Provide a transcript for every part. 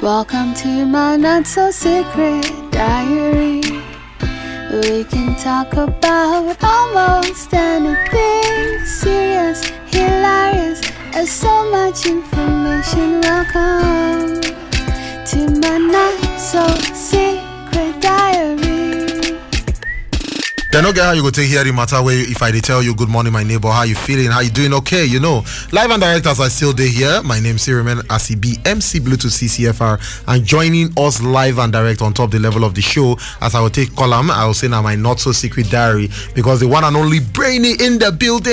Welcome to my not so secret diary. We can talk about almost anything serious, hilarious, and so much information. Welcome to my not so secret diary. Then okay, how you go take hearing matter where if I tell you good morning, my neighbor, how you feeling, how you doing? Okay, you know. Live and direct as I still day here. My name is Siriman ACB MC Bluetooth CCFR and joining us live and direct on top the level of the show as I will take column. I will say now my not so secret diary because the one and only brainy in the building.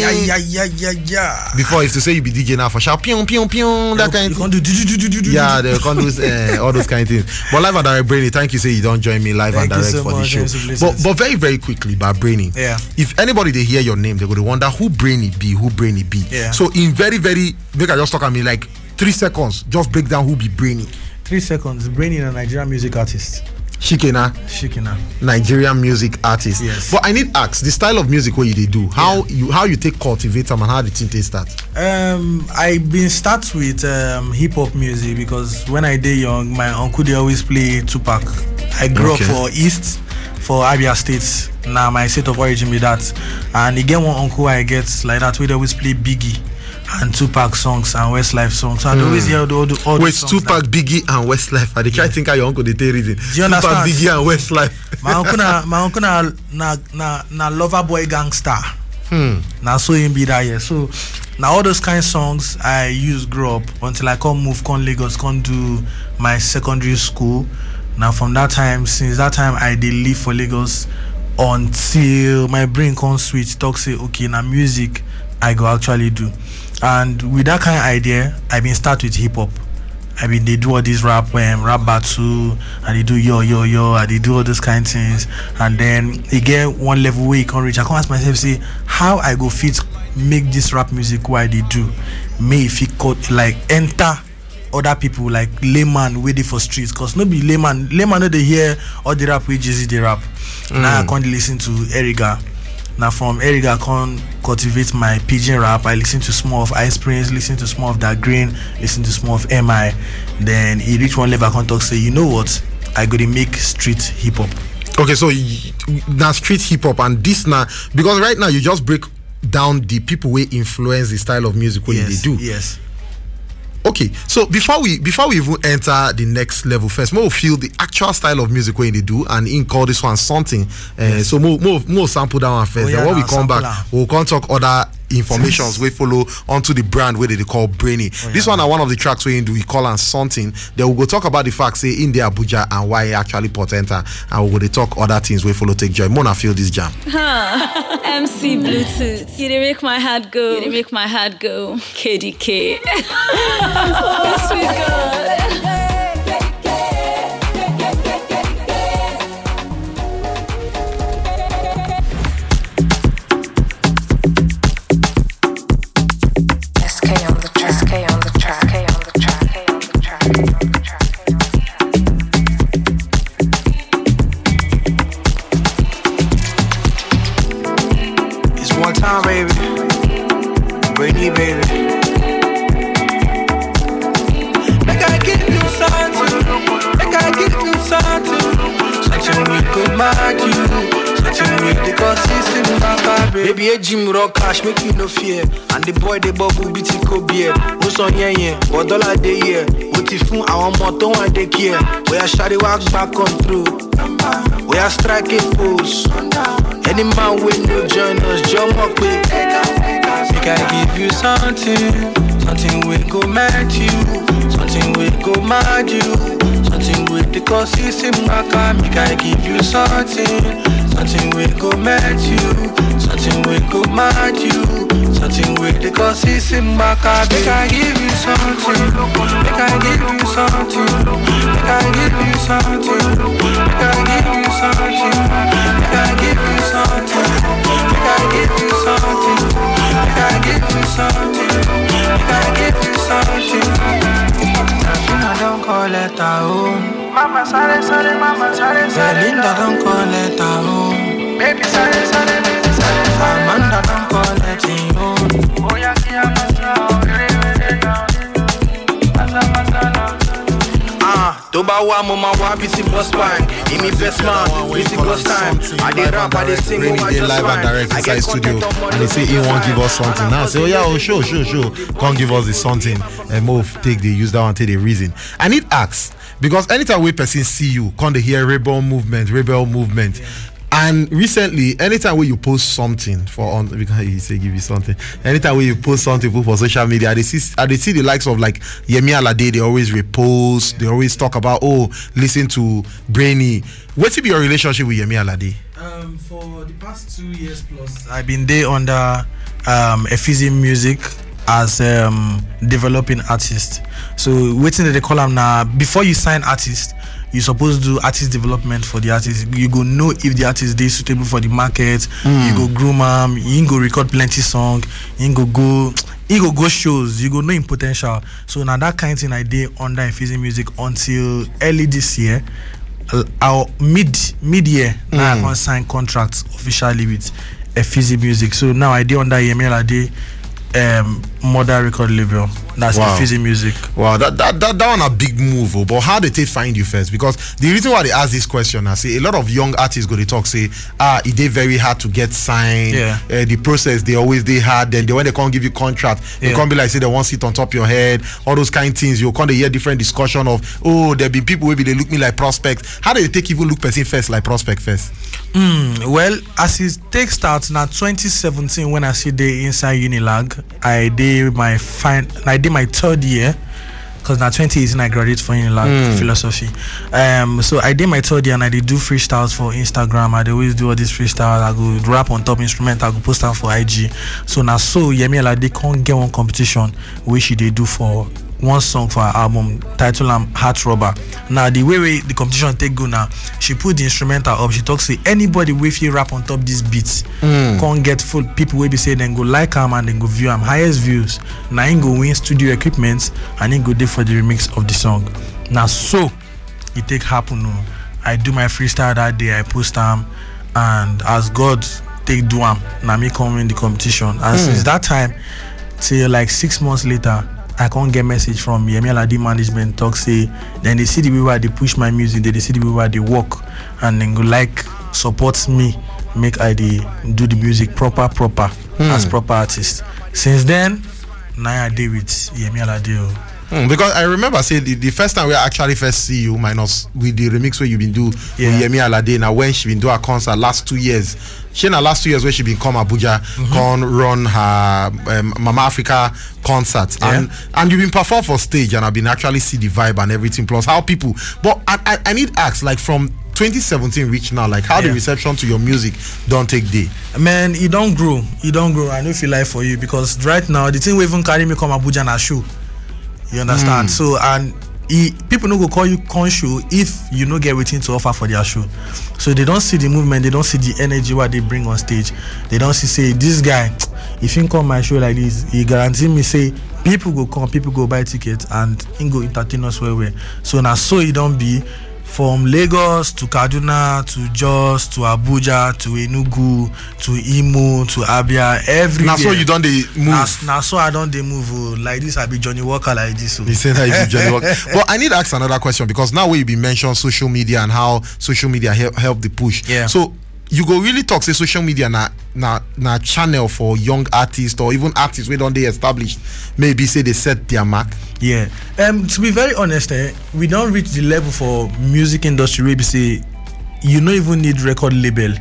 Yeah, yeah, yeah, yeah, yeah. Before if to say you be DJ now for sharp pion pion pion that kind of thing. Do, do, yeah, they can't do uh, all those kind of things. But live and direct brainy, thank you say you don't join me live thank and direct so for much, the show. But but very very, very quickly by Brainy. Yeah. If anybody they hear your name, they're going to wonder who Brainy be, who Brainy be. Yeah. So in very, very, make I just talk at me like three seconds, just break down who be Brainy. Three seconds. Brainy a Nigerian music artist. Shikena. Shikena. Nigerian music artist. Yes. But I need ask the style of music what you they do. How yeah. you how you take cultivate them and how did they start? Um I been start with um, hip hop music because when I day young my uncle they always play Tupac. I grew okay. up for East for Abia State. Now my state of origin be that. And again, e one uncle I get like that, we always play Biggie and Tupac songs and Westlife songs. So mm. I always hmm. hear all, the, all, the, all Wait, Tupac, that... Biggie, and Westlife. I dey try yeah. think how your uncle the take reason. Do you Tupac, understand? Biggie, and Westlife. my uncle na my uncle na na na, na lover boy gangster. Hmm. Na so him be that yeah. So now all those kind of songs I used grow up until I come move come Lagos come do my secondary school. now from that time since that time i did live for lagos until my brain can switch talk say okay now music i go actually do and with that kind of idea i been start with hip-hop i been they do all these rap um, rap battle and they do yo yo yo and they do all those kind of things and then again, one level wey e come reach i can ask myself say how i go fit make this rap music why they do may if he caught like enter other people like layman waiting for streets, cause nobody layman layman no they hear all the rap wey jz the rap mm. i can't listen to Erika. Now from Erika, i can't cultivate my pigeon rap i listen to small of ice prince to small of that green listen to small of mi then he reach one level i can't talk say you know what i gotta make street hip hop. okay so now street hip hop and this now because right now you just break down the people who influence the style of music when yes, they do. Yes. Okay, so before we before we even enter the next level, first, more feel the actual style of music when they do, and in call this one something. Uh, yes. So more more more sample down first. Oh, yeah, then when no, we come back, we'll come talk other informations we follow onto the brand where they call Brainy. Oh, yeah. This one are one of the tracks we do. we call and something. we will go talk about the facts say in the Abuja and why actually potenta and we will they talk other things we follow take joy. Mona feel this jam. Huh. MC Bluetooth. You make my heart go. You make my heart go. KDK. Oh sweet girl. Jim gym rock cash, make you no fear. And the boy they bubble beauty ko oh, beer. No son, yeah yeah, but dollar What if you I want àwọn ọmọ tó wà care. We are Bóyá walk back on through. We are striking pose. Any man wey no join us jump up quick Make I give you something, something we go match you, something we go mad you, something we dey cause you see my Make I give you something. Something we could met you, something we could mad you, something we the cause is in my car. I give you something, make I give you something, make I give you something, make I give you something, make I give you something, make I give you something, make I give you something, make I give you something. Nothing I don't call it a home. Mama, sorry, sorry, mama, sorry, sorry. Belinda don't call Amanda do ah, wá mama wá busy ti bus pine me best man busy ti bus time i did rap i did sing mo oh, ma just live and direct inside studio and he say he won't give us something now I say oh, oh sure, sure, sure. Can't give us the something and move. take the use that one take dey reason And it acts because anytime we person see you can't hear rebel movement rebel movement yeah. And recently, anytime where you post something for on because you say give you something, anytime where you post something for social media, they see they see the likes of like Yemi Alade, they always repost, yeah. they always talk about oh, listen to Brainy. What's be your relationship with Yemi Alade? Um, for the past two years plus, I've been there under um Ephesian music as um developing artist. So waiting that they call him now before you sign artist you suppose do artist development for the artist you go know if the artist is suitable for the market mm. you hmm. go groom him. You go record plenty song You go go You go go shows you go know him potential. so now that kind of thing i did under efizin music until early this year our mid mid year mm. na i hmm. come sign contract officially with efizi eh, music so now i did under emel ade. um, Modern Record Label. That's wow. Fizzy Music. Wow, that, that, that, that one a big move, oh, but how did they find you first? Because the reason why they ask this question, I see a lot of young artists go to talk, say, ah, it they very hard to get signed. Yeah. Uh, the process they always they hard. Then they, when they can't give you contract, yeah. they can't be like say they want sit on top of your head, all those kind of things. You can't hear different discussion of oh, there be people maybe they look me like prospect. How do you take even look person first like prospect first? Mm, well, as it takes start now 2017 when I see the inside Unilag, I did my fine I did my third year because now 2018 I graduated from Unilag mm. philosophy. Um, so I did my third year and I did do freestyles for Instagram. I always do all these freestyles. I go rap on top instrument. I go post them for IG. So now so Yemi like they can't get one competition which they do for one song for her album titled am um, heart rubber now the way wey the competition take go now, she put the instrumental up she talks to anybody with her rap on top this beat mm. not get full people will be saying and go like am and then go view am highest views Now im go win studio equipment and im go dey for the remix of the song Now so it take happen oh. I do my freestyle that day i post them, and as god take do am Now me come in the competition and mm. since that time till like six months later i can't get message from yemi alade management talk say then they see the way they push my music dem dey see the way they work and then go like support me make i dey do the music proper proper mm. as hmm. proper artist since then now i deal with yemi alade o. Oh. Mm, because I remember say the, the first time we actually first see you minus with the remix where you been do yeah. with Yemi Alade now when she been do her concert last two years. She in the last two years where she been come Abuja, mm-hmm. come run her um, Mama Africa concert yeah. and and you been perform for stage and I've been actually see the vibe and everything plus how people. But I, I, I need ask like from 2017 reach now like how yeah. the reception to your music don't take day man it don't grow it don't grow i know if you lie for you because right now the thing we even carry me come abuja and show You understand? Mm. So and e people no go call you conscious if you no get everything to offer for their show so they don't see the movement they don't see the energy what they bring on stage they don't see say this guy if he come my show like this he guarantee me say people go come people go buy tickets and he go entertain us well well so now so e don't be from Lagos to Kaduna to Jos to Abuja to Enugu to Imo to Abia every na so you don dey move na so I don dey move oh. like this I be Johnny Walker like this oh. you say you be Johnny Walker but I need ask another question because now wey you be mention social media and how social media help help the push. Yeah. so you go really talk say social media na na na channel for young artists or even artists wey don dey established maybe say they set their mark. yeah um, to be very honest eh, we don reach the level for music industry wey be say you no even need record label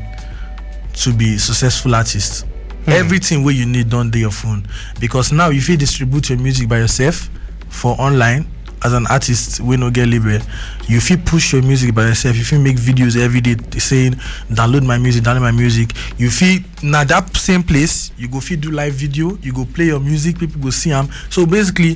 to be successful artist. Hmm. everything wey you need don dey your phone because now you fit distribute your music by yourself for online as an artist wey no get label you fit push your music by yourself you fit make videos every day saying download my music download my music you fit na that same place you go fit do live video you go play your music people go see am so basically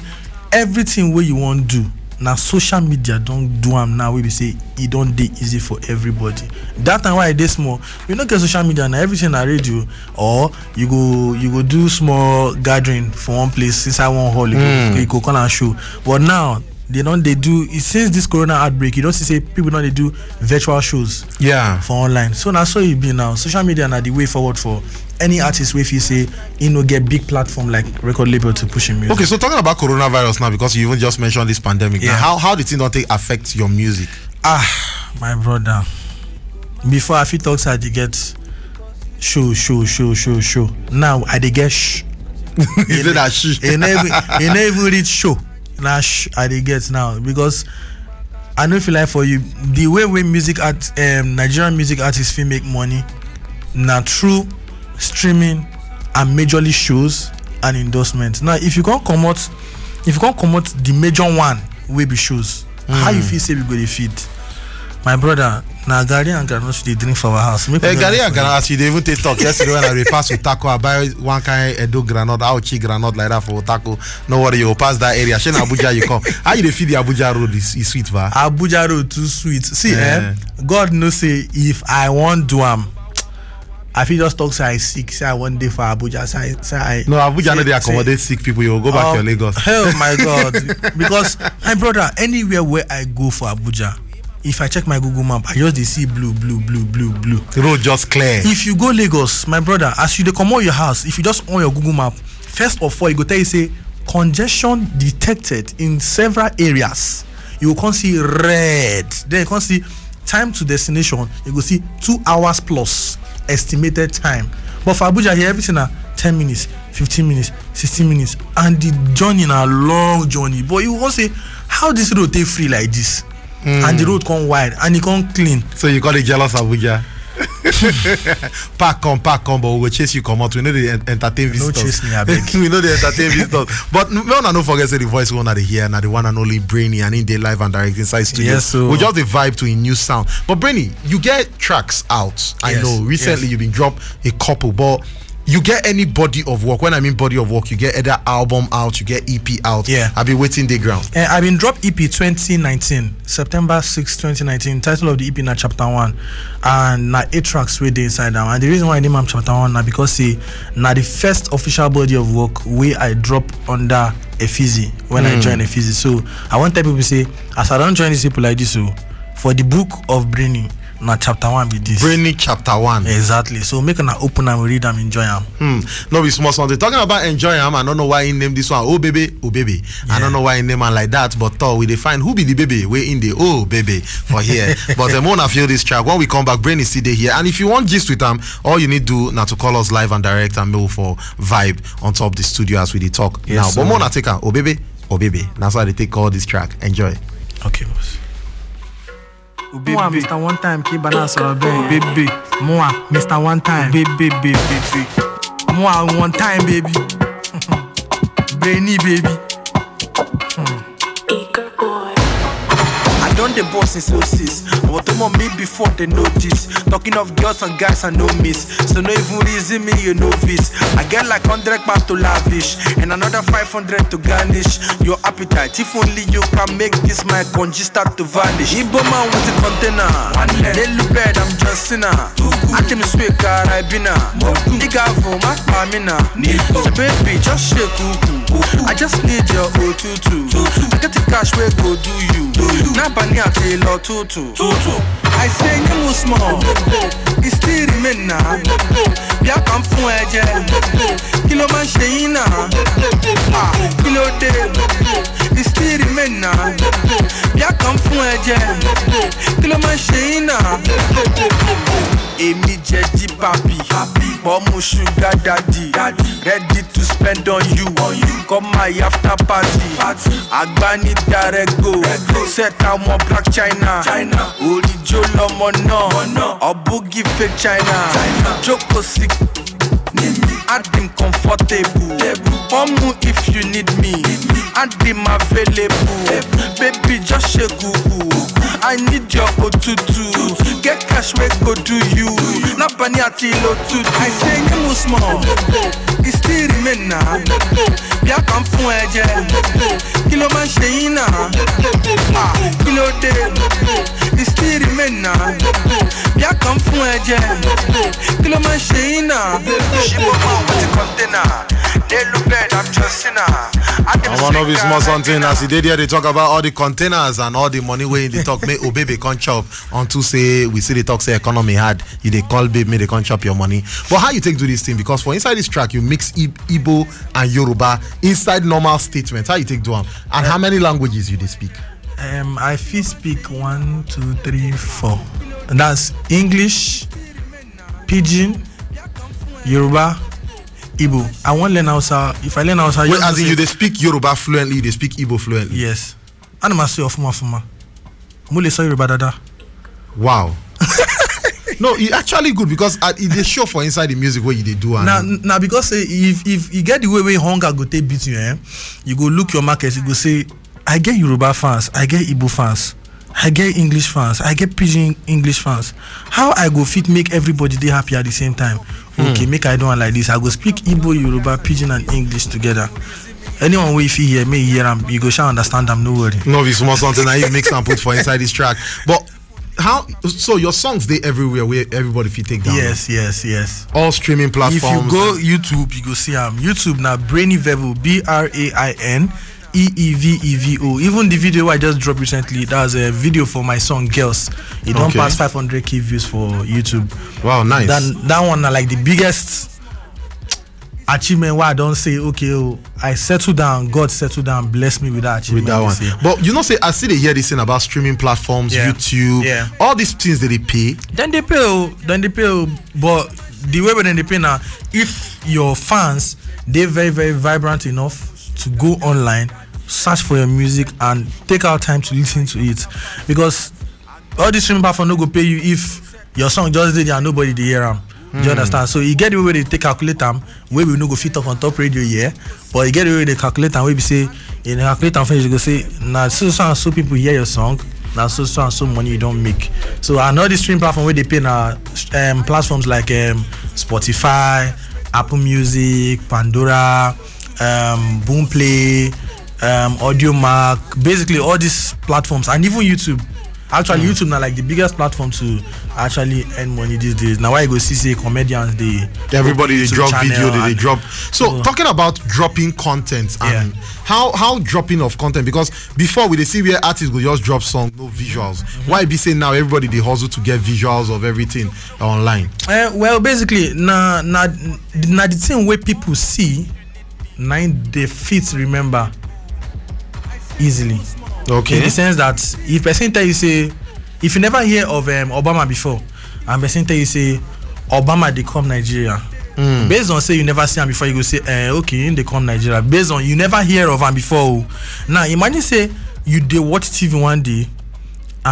everything wey you wan do na social media don do am now wey be say e don dey easy for everybody that time wey i dey small we no get social media na everything na radio or you go you go do small gathering for one place inside one hall you go, hmm. you go call am show but now they don't they do since this corona outbreak you don't see say people don't they do virtual shows yeah for online so now so you be now social media now the way forward for any artist if you say you know get big platform like record label to push your music okay so talking about coronavirus now because you even just mentioned this pandemic yeah. Now, how how did it not affect your music ah my brother before i feel talks i did get show show show show show now i did get sh- is in that sh- show nash i dey get now because i no feel like for you the way wey music art um, nigerian music artists fit make money na through streaming and majorly shows and endorsements now if you come comot if you come comot the major one wey be shows. Mm. how you hmm. feel say we go dey feed my brother na garri and groundnut dey drink for our house. Make hey, garri and groundnut as you dey even take talk yesterday when i dey pass utako i buy one kind edo groundnut aochi groundnut like that for utako no worry you go pass that area shey na abuja you come how you dey feel the abuja road e sweet va. abuja road too sweet see yeah. eh god know say if i wan do am. I fit just talk say I sick, say I one day for Abuja, say, I, say I. No, Abuja no dey accommodate say, sick people. You go back um, to oh, Lagos. Oh my God! because my brother, anywhere where I go for Abuja, if i check my google map i just dey see blue blue blue blue blue. the road just clear. if you go lagos my brother as you dey comot your house if you just on your google map first of all e go tell you say congestion detected in several areas you go come see red then you come see time to destination you go see two hours plus estimated time but for abuja here everything na ten minutes fifteen minutes sixteen minutes and the journey na long journey but you wan say how this road take free like this Hmm. and the road come wide and e come clean. so you call it jealous abuja. park come park come but we go chase you comot we no dey entertain visitors we no dey entertain visitors but make una no forget say the voice wey una dey hear na the one and only brainy and in dey live and direct inside studio yes, so. we just dey vibe to him new sound but brainy you get tracks out i yes, know recently yes. you been drop a couple but you get any body of work. When I mean body of work, you get either album out, you get EP out. Yeah. I've eh, been e waiting the ground. Uh, I've been dropped EP 2019, September 6, 2019. Title of the EP na chapter one, and na eight tracks with the inside down. And the reason why I name am chapter one now because see na the first official body of work wey I drop under Efizi when mm. I hmm. join Efizi. So I want tell people say as I don't join these people like this, so oh, for the book of Brini. Not chapter one be this. Brainy chapter one. Exactly. So make an open and read them, enjoy them. Hmm. No, be small something. Talking about enjoy them, I don't know why he named this one. Oh baby, oh baby. Yeah. I don't know why he named one like that, but uh, we define who be the baby. We in the oh baby for here. but the eh, moment I feel this track, when we come back, Brainy still here. And if you want gist with them, all you need do now to call us live and direct and mail for vibe on top the studio as we did talk yes, now. Sir. But more take her, oh baby, oh baby. That's why they take all this track. Enjoy. Okay, boss. Mua Mr. One Time kí bá náà sọ̀rọ̀ bẹ́ẹ̀. Bébè. Mr. One Time. Bébè bébè bébè. Mua One Time baby. Brainy baby. Don't the boss since 06 i was on me before they notice. talking of girls and guys i no miss so no even reason me you know this i get like 100 pounds to lavish and another 500 to garnish your appetite if only you can make this my congee start to vanish igbo man with a container look bad, i'm just sinner akim sweet car i been a nigga for my famina so baby just shake cuckoo I just need your O22. I get the cash where go do you. Now bani at a tutu. I say you small. It still remain now. bí a kàn fún ẹ jẹ kí ló máa ń ṣe yín náà kí ló dé it still remain na bí a kàn fún ẹ jẹ kí ló máa ń ṣe yín náà. èmi jẹ jí bàbí ṣúgà dàdí ready to spend on you come my after party agbani darego set àwọn black china oríjó lọmọ náà ọbúgi fake china jókòó sí Adim konfotebu Pomo if you need mi Adim avelebu Baby josh e gugu I need your o2dru Get cash we go do you Na bani atil o2dru I say nye mousman I sti rime nan bí a kàn fún ẹ̀jẹ̀ kí ló máa ń ṣe yín náà kí ló dé the still remain náà bí a kàn fún ẹ̀jẹ̀ kí ló máa ń ṣe yín náà. ṣé mo mọ àwọn ti kọ́ńténà. I want to be small something. As he did here, they talk about all the containers and all the money in the talk may obebe come chop to say we see the talk say economy hard you they call babe make they can chop your money but how you take do this thing because for inside this track you mix igbo and yoruba inside normal statement how you take do am and how many languages you they speak. Um, i feel speak one two three four that's english pidgin yoruba Igbo. I want learn Hausa. If I learn Hausa, Well, as in you they speak Yoruba fluently, they speak Igbo fluently. Yes. And I'm say ofuma ofuma. Mo le sọ Yoruba dada. Wow. no, it actually good because uh, e show for inside the music what you they do. Now, now because say if if you get the way wey hunger go take beat you, eh, you go look your market, you go say, I get Yoruba fans, I get Igbo fans. I get English fans, I get pidgin English fans. How I go fit make everybody they happy at the same time? Hmm. okay make i do one like this i go speak igbo yoruba pidgin and english together anyone wey fit hear me hear am you go sha understand am no worry no be small something na you mix am put for inside this track but how so your songs dey everywhere where everybody fit take down yes yes yes all streaming platforms if you go youtube you go see am youtube na brainy vevo b-r-a-i-n E E V E V O. Even the video I just dropped recently, that was a video for my song Girls. It don't okay. pass 500k views for YouTube. Wow, nice. That that one are like the biggest achievement where I don't say okay, oh, I settle down, God settle down, bless me with that achievement. With that one. Say. But you know, say I see they hear this thing about streaming platforms, yeah. YouTube, yeah. all these things that they pay. Then they pay, oh, then they pay, oh, but the way when they pay now, if your fans they very very vibrant enough to go online, search for your music, and take our time to listen to it. Because all these streaming platforms no go pay you if your song just did and nobody dey hear am. Do you hmm. understand? So you e get the way they take calculate am where we no go fit up on top radio here, but you e get the way they calculate am wey be say e you calculate am finish you go say now so so and so people hear your song now so so and so money you don't make. So another all streaming platform where they pay na um, platforms like um, Spotify, Apple Music, Pandora. um, Boomplay, um, Audio Mac, basically all these platforms, and even YouTube. Actually, mm. YouTube now like the biggest platform to actually earn money these days. Now, why you go see say comedians they everybody they drop video, they, they drop. So, so talking about dropping content and yeah. how how dropping of content because before we they see where artists go just drop song no visuals. Mm-hmm. Why be saying now everybody they hustle to get visuals of everything online? Uh, well, basically, now now now the thing where people see nine defeats, remember easily okay in the sense that if person tell you say if you never hear of um, obama before and person tell you say obama dey come nigeria mm. based on say you never see am before you go say eh okay he dey come nigeria based on you never hear of am before o oh. now imagine say you dey watch tv one day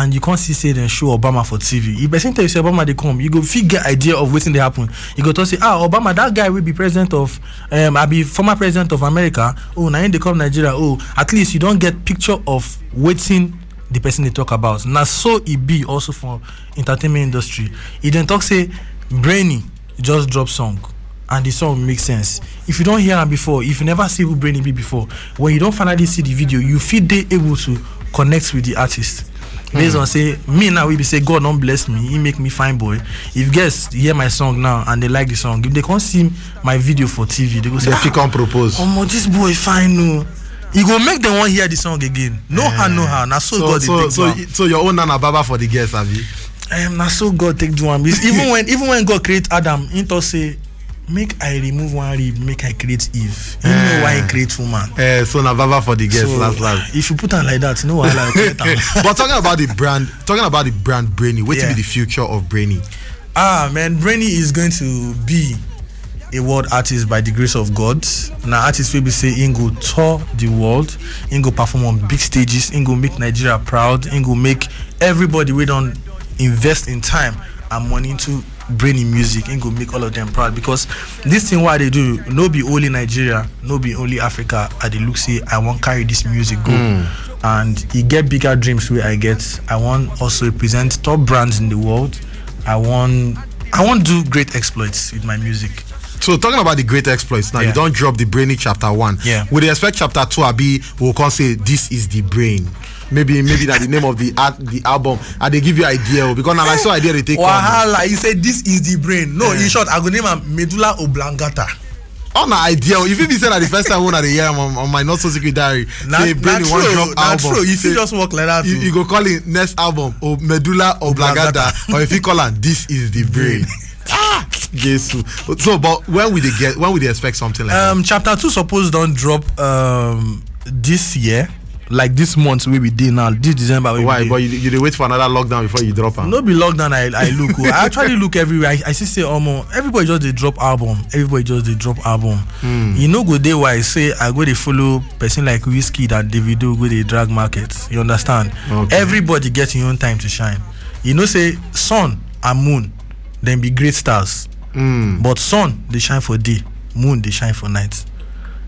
and you can't see say dem show obama for tv if person tell you say obama dey come you go fit get idea of wetin dey happen you go talk say ah obama dat guy wey be president of um, abi former president of america oh na him dey come nigeria oh at least you don get picture of wetin the person dey talk about na so e be also for entertainment industry e den talk say brainy just drop song and the song make sense if you don hear am before if you never see who brainy be before when you don finally see the video you fit dey able to connect with the artist based on say me now we be say god don bless me he make me fine boy if guests hear my song now and they like the song if they come see my video for tv they go say ah omo this boy fine oo oh. e go make dem wan hear the song again no how eh. no how na so god dey take do am. so so your own na baba for the guests abi. Um, na so god take do am even when even when god create adam he talk say make i remove one rib make i create eve you know eh. why i create woman. Eh, so na Baba for the girls so, last last. Ah, if you put am like that no know wahala i create am. but talking about the brand talking about the brand brainy wetin yeah. be the future of brainy. ah man brainy is going to be a world artist by the grace of God. Na artist wey be say im go tour the world, im go perform on big stages, im go make Nigeria proud, im go make everybody wey don invest in time and money to. bring in music and go make all of them proud because this thing why they do no be only nigeria no be only africa i dey look see, i want carry this music go mm. and you get bigger dreams where i get i want also represent top brands in the world i want i want do great exploits with my music So talking about the great exploits now, yeah. you don't drop the brainy chapter one. Yeah. Would they expect chapter two Abi will come say this is the brain? Maybe maybe that the name of the the album and they give you idea oh, because now I saw idea they take. Wahala, you say this is the brain. No, yeah. in short, I go name am medulla oblongata. on an idea oh. if you be say that the first time one una the year on, on my not so secret diary na, say brain wan drop album na true you fit just walk like that you, oh. you go call it next album o medulla oblongata or you fit call am this is the brain ah Jesu. So, but when will they get? When will they expect something like um, that? Chapter two suppose don't drop um this year. Like this month we be did now, this December. We Why? Be but you, you, wait for another lockdown before you drop them. No be lockdown. I, I look. Oh. I actually look everywhere. I, I see say almost um, everybody just they drop album. Everybody just they drop album. Mm. You know go day why I say I go they follow person like whiskey that do go the drag markets. You understand? Okay. Everybody getting your own time to shine. You know say sun and moon, then be great stars. mm. but sun dey shine for day moon dey shine for night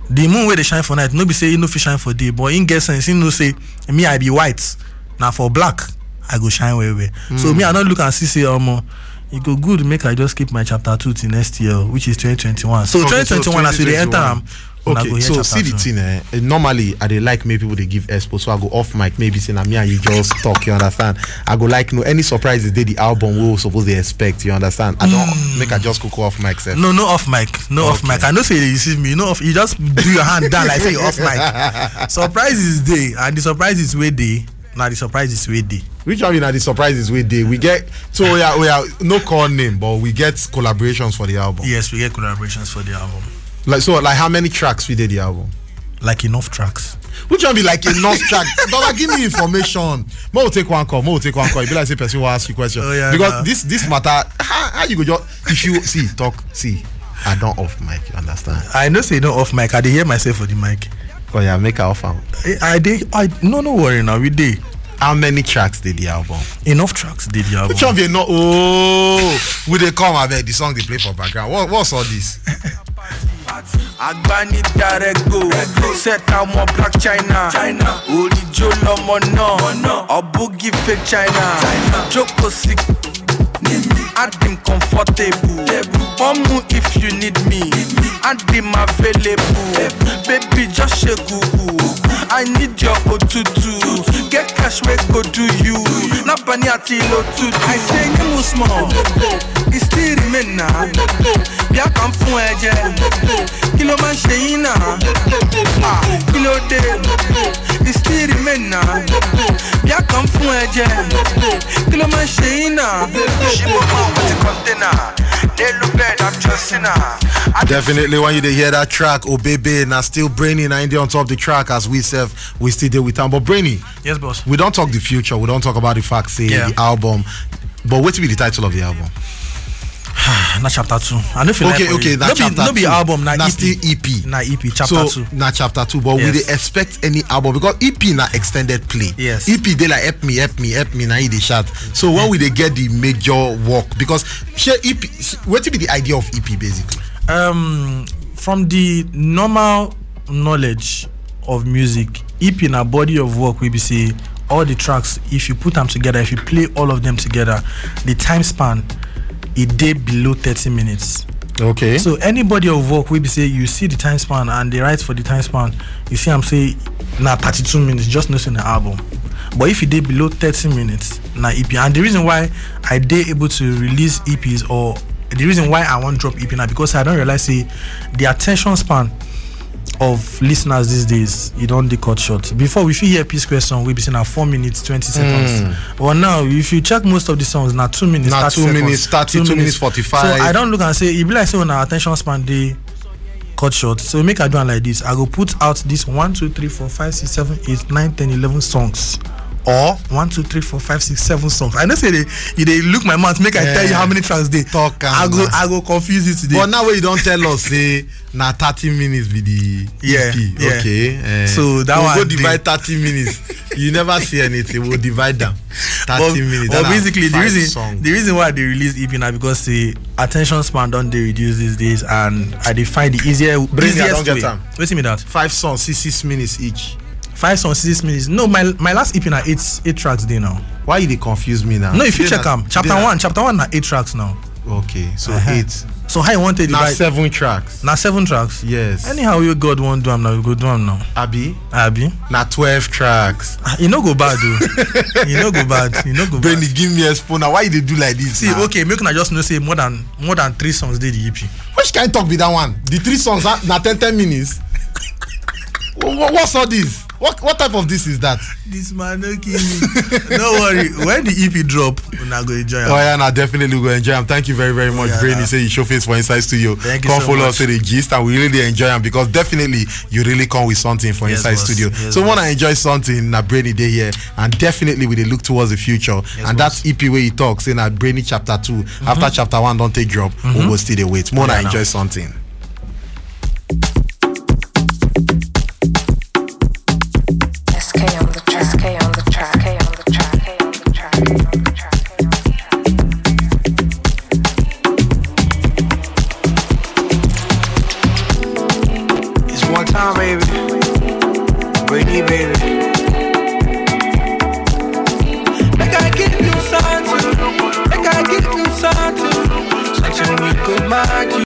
the moon wey dey shine for night no be say e no fit shine for day but im e get sense im e know say me i be white na for black i go shine well well mm. so me i no look and see say omo. Um, e go good make i just keep my chapter two till next year which is 2021 so 2021 as we dey enter am okay so see the thing eh? eh, normally i dey like make people dey give expo so i go off mic maybe say na me and you just talk you understand i go like no any surprises dey the album wey we suppose dey expect you understand i don hmm. make i just go off mic sef. no no off mic no okay. off mic i know say you dey me you know you just do your hand down like say you off mic surprises dey and the surprises wey dey na the surprises wey dey. which one be na the surprises wey dey we get so we are no call name but we get collaborations for the album. yes we get collaborations for the album. Like so, like how many tracks we did the album? Like enough tracks. Which one be like enough track? Dollar, give me information. Mo will take one call. Mo will take one call. It be like say person will ask you question. Oh, yeah, because this this matter, how, how you go just if you see talk see, I don't off mic. You understand? I know say don't off mic. I dey hear myself for the mic. Oh yeah, make off am. Eh, I, I did. I no no worry now. We did. How many tracks did the album? Enough tracks did the album. Which one be not? Oh, will they come? I bet the song they play for background. What what's all this? agbani darego set àwọn black china òrìjó lọmọ náà ọ̀bùgì fake china jókòó sí adim comfortable wọ́n mú if you need me. Need me. and I'm available. Baby, just shake goo. I need your O22. Get cash, where go do you? Not bunny atilo too. I say you small. It still remain now. Bí a kàn fún ẹ jẹ, kí ló máa ń ṣe It still remain now. Bí a kàn fún ẹ jẹ, kí ló máa ń ṣe yín náà? i Definitely want you to hear that track, oh, baby, and I still Brainy and India on top of the track as we serve, we still deal with him. But Brainy, yes, boss. We don't talk the future, we don't talk about the fact, say yeah. the album. But what will be the title of the album? na chapter two. I do okay, like okay. Not chapter be, two. No be album. Not na EP. still EP. Na EP. Chapter so, two. Na chapter two. But yes. we expect any album because EP na extended play. Yes. EP they like help me, help me, help me. Na e dey shout. So when will they get the major work because share EP. What is be the idea of EP basically? Um, from the normal knowledge of music, EP a body of work We be say all the tracks if you put them together, if you play all of them together, the time span e dey below thirty minutes. okay so anybody of work wey be say you see the time span and dey write for the time span you see am say na thirty-two minutes just know say na album but if e dey below thirty minutes na ep and the reason why i dey able to release eps or the reason why i wan drop ep na because i don realize say the at ten tion span of listeners these days e don dey cut short before we fit hear peace question wey be say na four minutes twenty seconds mm. but now if you check most of the songs na two minutes thirty seconds. na two minutes thirty two, two minutes forty-five so i don look am say e be like say una at ten tion span dey cut short so make i do am like this i go put out this one two three four five six seven eight nine ten eleven songs or one two three four five six seven songs i know say they you dey look my mouth make i tell you how many tracks dey talk am i go i go confuse you today. but now wey you don tell us say na thirty minutes be the ep yeah, okay uh, so that we'll one dey we go divide thirty minutes you never see anything we we'll divide am thirty minutes but basically the reason songs. the reason why i dey release ep na because say at ten tion span don dey reduce these days and i dey find the easier Bring easiest way wetin be that. five songs six six minutes each five songs six minutes no my my last ep na eight eight tracks dey now. why you dey confuse me now. no if you check am chapter one chapter one na eight tracks now. okay so uh -huh. eight. so how you wan take divide. na seven tracks. na seven tracks. yes. anyhow wey god wan do am na we go do am now. abi. abi. na twelve tracks. ah e no go bad o e no go bad e no go bad. benny give me expo na why you dey do like this. see now? okay make una just know say more than more than three songs dey the ep. which kind talk be that one the three songs na ten ten minutes. what's all this. what what type of this is that. this man no kill me no worry when the ep drop going go enjoy am. oh, yeah, na definitely go enjoy am thank you very very much oh, yeah, brainy say you show face for inside studio thank come so follow much. us to the gist and we really enjoy them because definitely you really come with something for yes, inside boss. studio yes, so wanna enjoy something a brainy day here and definitely we look towards the future yes, and boss. that ep where he talks in na brainy chapter two mm -hmm. after mm-hmm. chapter one don't take drop mm -hmm. we will still dey wait more oh, yeah, enjoy something.